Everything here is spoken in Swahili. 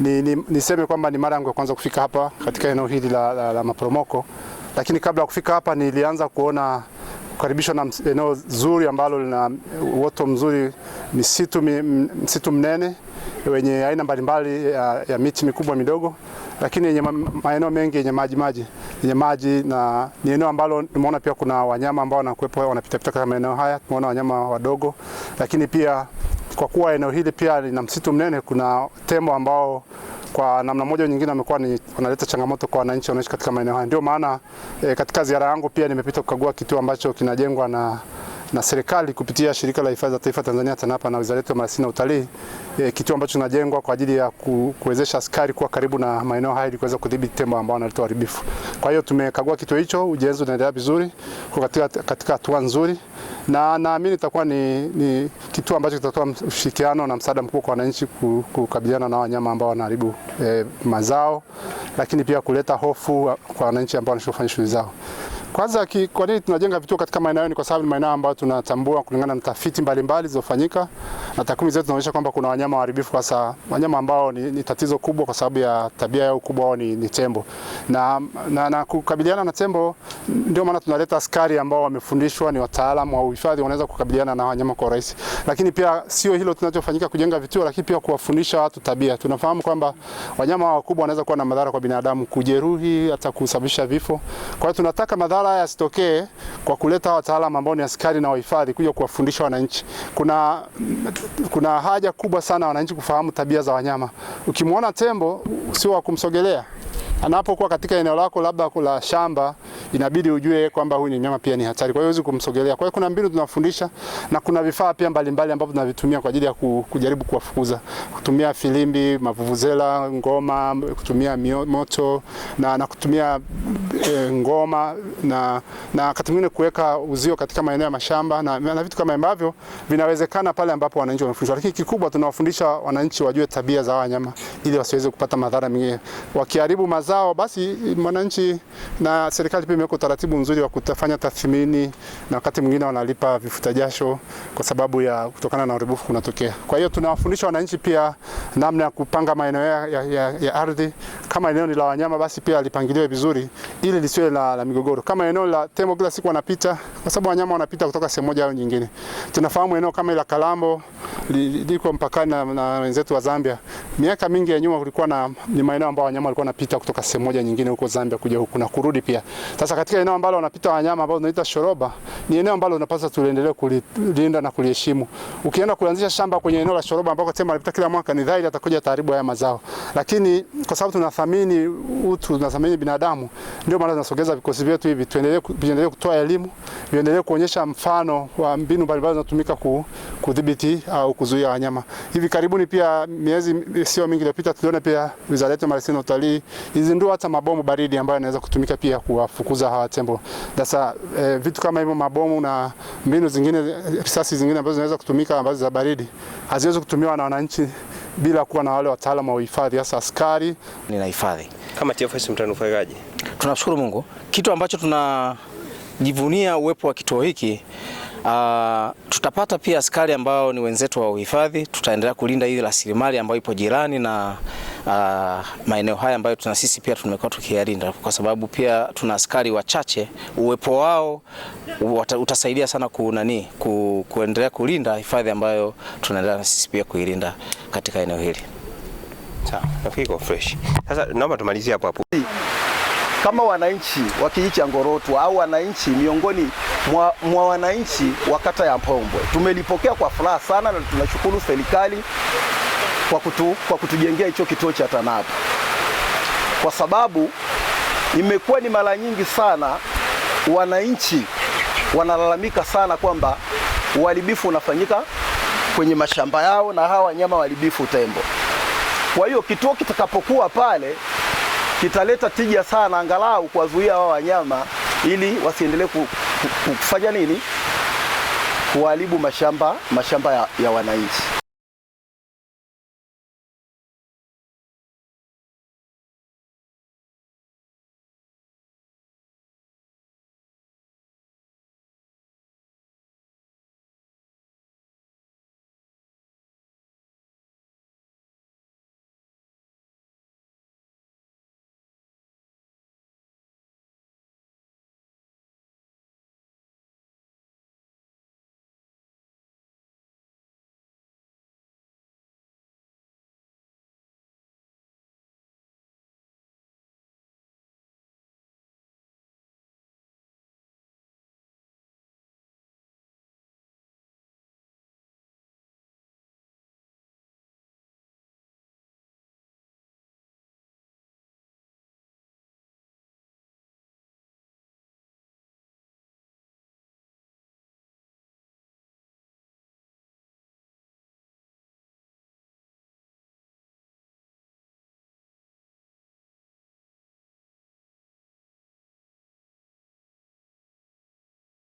ni, ni, niseme kwamba ni mara yangu ya kwanza kufika hapa katika eneo hili la, la, la maporomoko, lakini kabla ya kufika hapa nilianza kuona kukaribishwa na eneo zuri ambalo lina uoto mzuri, misitu, msitu mnene wenye aina mbalimbali ya, ya miti mikubwa midogo, lakini yenye maeneo mengi yenye maji maji yenye maji, na ni eneo ambalo nimeona pia kuna wanyama ambao wanakuwepo wanapitapita kama maeneo haya. Tumeona wanyama wadogo, lakini pia kwa kuwa eneo hili pia lina msitu mnene, kuna tembo ambao kwa namna moja nyingine ni wanaleta changamoto kwa wananchi wanaishi katika maeneo haya. Ndio maana e, katika ziara yangu pia nimepita kukagua kituo ambacho kinajengwa na na serikali kupitia shirika la hifadhi za taifa Tanzania TANAPA na wizara yetu ya maliasili na utalii e, kituo ambacho kinajengwa kwa ajili ya ku, kuwezesha askari kuwa karibu na maeneo haya ili kuweza kudhibiti tembo ambao wanaleta uharibifu. Kwa hiyo tumekagua kituo hicho, ujenzi unaendelea vizuri, kwa katika katika hatua nzuri, na naamini itakuwa ni, ni kituo ambacho kitatoa ushirikiano na msaada mkubwa kwa wananchi kukabiliana na wanyama ambao wanaharibu e, mazao, lakini pia kuleta hofu kwa wananchi ambao wanashofanya shughuli zao. Kwanza ki, kwa nini tunajenga vituo katika maeneo ni kwa sababu ni maeneo ambayo tunatambua kulingana na tafiti mbalimbali zilizofanyika na takwimu zetu zinaonyesha kwamba kuna wanyama waharibifu, hasa wanyama ambao ni, ni tatizo kubwa kwa sababu ya tabia yao kubwa wao ni, ni tembo na, na, na kukabiliana na tembo ndio maana tunaleta askari ambao wamefundishwa, ni wataalamu wa uhifadhi, wanaweza kukabiliana na wanyama kwa urahisi. Lakini pia sio hilo tunachofanyika kujenga vituo, lakini pia kuwafundisha watu tabia. Tunafahamu kwamba wanyama wakubwa wanaweza kuwa na madhara kwa binadamu, kujeruhi, hata kusababisha vifo. Kwa hiyo tunataka madhara masuala haya yasitokee kwa kuleta wataalamu ambao ni askari na wahifadhi kuja kuwafundisha wananchi. Kuna, kuna haja kubwa sana wananchi kufahamu tabia za wanyama. Ukimwona tembo sio wa kumsogelea, anapokuwa katika eneo lako labda la shamba, inabidi ujue kwamba huyu ni mnyama pia ni hatari, kwa hiyo huwezi kumsogelea. Kwa hiyo kuna mbinu tunafundisha na kuna vifaa pia mbalimbali ambavyo tunavitumia kwa ajili ya kujaribu kuwafukuza, kutumia filimbi, mavuvuzela, ngoma, kutumia moto na, na kutumia e, ngoma na, na wakati mwingine kuweka uzio katika maeneo ya mashamba na, na vitu kama ambavyo vinawezekana pale ambapo wananchi wanafundishwa, lakini kikubwa tunawafundisha wananchi wajue tabia za wanyama ili wasiweze kupata madhara mengine wakiharibu mazao, basi mwananchi na serikali pia imeweka utaratibu mzuri wa kutafanya tathmini, na wakati mwingine wanalipa vifuta jasho kwa sababu ya kutokana na uharibifu kunatokea. Kwa hiyo tunawafundisha wananchi pia namna ya kupanga maeneo ya, ya, ya, ya ardhi. Kama eneo ni la wanyama, basi pia lipangiliwe vizuri ili lisiwe la, la migogoro. Kama eneo la tembo, kila siku wanapita, kwa sababu wanyama wanapita kutoka sehemu moja au nyingine. Tunafahamu eneo kama la Kalambo liko mpakana na wenzetu wa Zambia. Miaka mingi ya nyuma kulikuwa na ni maeneo ambayo wanyama walikuwa wanapita kutoka sehemu moja nyingine huko Zambia kuja huku na kurudi pia. Sasa katika eneo ambalo wanapita wanyama ambao tunaita shoroba, ni eneo ambalo unapaswa tuendelee kulinda na kuliheshimu. Ukienda kuanzisha shamba kwenye eneo la shoroba ambako tembo anapita kila mwaka, ni dhahiri atakuja taribu haya mazao. Lakini kwa sababu tunathamini utu, tunathamini binadamu, ndio maana tunasogeza vikosi vyetu hivi, tuendelee tuendelee kutoa elimu, viendelee kuonyesha mfano wa mbinu mbalimbali zinazotumika kudhibiti au au kuzuia wanyama. Hivi karibuni pia miezi sio mingi iliyopita tuliona pia Wizara yetu ya Maliasili na Utalii ilizindua hata mabomu baridi ambayo yanaweza kutumika pia kuwafukuza hawa tembo. Sasa e, vitu kama hivyo mabomu na mbinu zingine, risasi zingine ambazo zinaweza kutumika ambazo za baridi haziwezi kutumiwa na wananchi bila kuwa na wale wataalamu wa uhifadhi hasa askari. hifadhi. kama TFS mtanufaikaje? Tunashukuru Mungu, kitu ambacho tunajivunia uwepo wa kituo hiki Uh, tutapata pia askari ambao ni wenzetu wa uhifadhi. Tutaendelea kulinda hii rasilimali ambayo ipo jirani na uh, maeneo haya ambayo tuna sisi pia tumekuwa tukiyalinda, kwa sababu pia tuna askari wachache. Uwepo wao utasaidia sana kunani ku, kuendelea kulinda hifadhi ambayo tunaendelea na sisi pia kuilinda katika eneo hili. Sawa, fresh. Sasa naomba tumalizie hapo hapo kama wananchi wa kijiji cha Ngorotwa au wananchi miongoni mwa, mwa wananchi wa kata ya Mpombwe tumelipokea kwa furaha sana, na tunashukuru serikali kwa, kutu, kwa kutujengea hicho kituo cha TANAPA kwa sababu imekuwa ni mara nyingi sana wananchi wanalalamika sana kwamba uharibifu unafanyika kwenye mashamba yao na hawa wanyama waharibifu tembo. Kwa hiyo kituo kitakapokuwa pale kitaleta tija sana, angalau kuwazuia hao wanyama ili wasiendelee kufanya nini, kuharibu mashamba mashamba ya, ya wananchi.